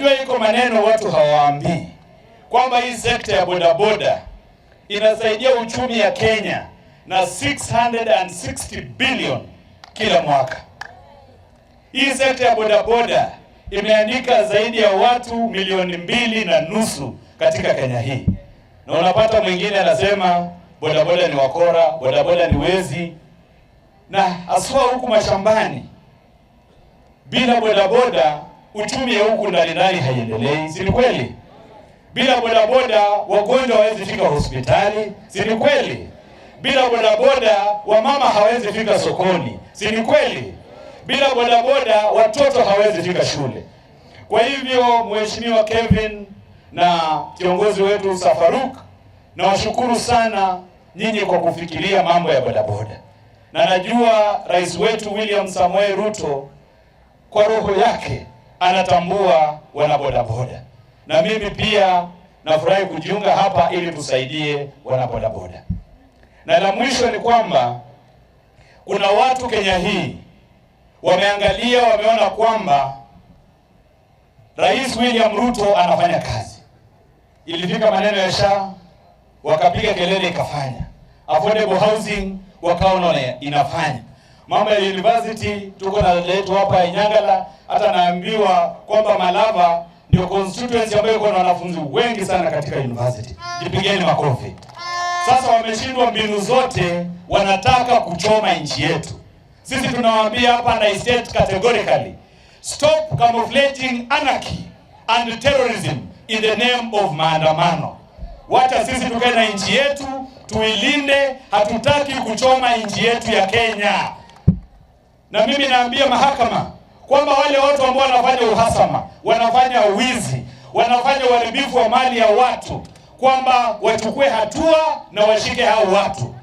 Najua iko maneno watu hawaambii kwamba hii sekta ya bodaboda inasaidia uchumi ya Kenya na 660 billion kila mwaka. Hii sekta ya bodaboda imeandika zaidi ya watu milioni mbili na nusu katika Kenya hii, na unapata mwingine anasema bodaboda ni wakora, bodaboda ni wezi, na aswa huku mashambani bila bodaboda uchumi ya huku ndani ndani haiendelei, si ni kweli? Bila bodaboda wagonjwa hawezi fika hospitali, si ni kweli? Bila bodaboda wamama hawezi fika sokoni, si ni kweli? Bila bodaboda watoto hawezi fika shule. Kwa hivyo, Mheshimiwa Kevin na kiongozi wetu Safaruk, nawashukuru sana nyinyi kwa kufikiria mambo ya bodaboda, na najua rais wetu William Samoei Ruto kwa roho yake anatambua wana bodaboda na mimi pia nafurahi kujiunga hapa ili tusaidie wana bodaboda Na la mwisho ni kwamba kuna watu Kenya hii wameangalia, wameona kwamba Rais William Ruto anafanya kazi. Ilifika maneno ya SHA wakapiga kelele, ikafanya affordable housing, wakaona inafanya mambo ya university tuko na letu hapa Nyangala, Hata naambiwa kwamba Malava ndio constituency ambayo iko na wanafunzi wengi sana katika university. Jipigeni makofi. Sasa wameshindwa mbinu zote, wanataka kuchoma nchi yetu. Sisi tunawaambia hapa na state categorically, stop camouflaging anarchy and terrorism in the name of maandamano. Wacha sisi tukae na nchi yetu tuilinde, hatutaki kuchoma nchi yetu ya Kenya na mimi naambia mahakama kwamba wale watu ambao wanafanya uhasama, wanafanya wizi, wanafanya uharibifu wa mali ya watu, kwamba wachukue hatua na washike hao watu.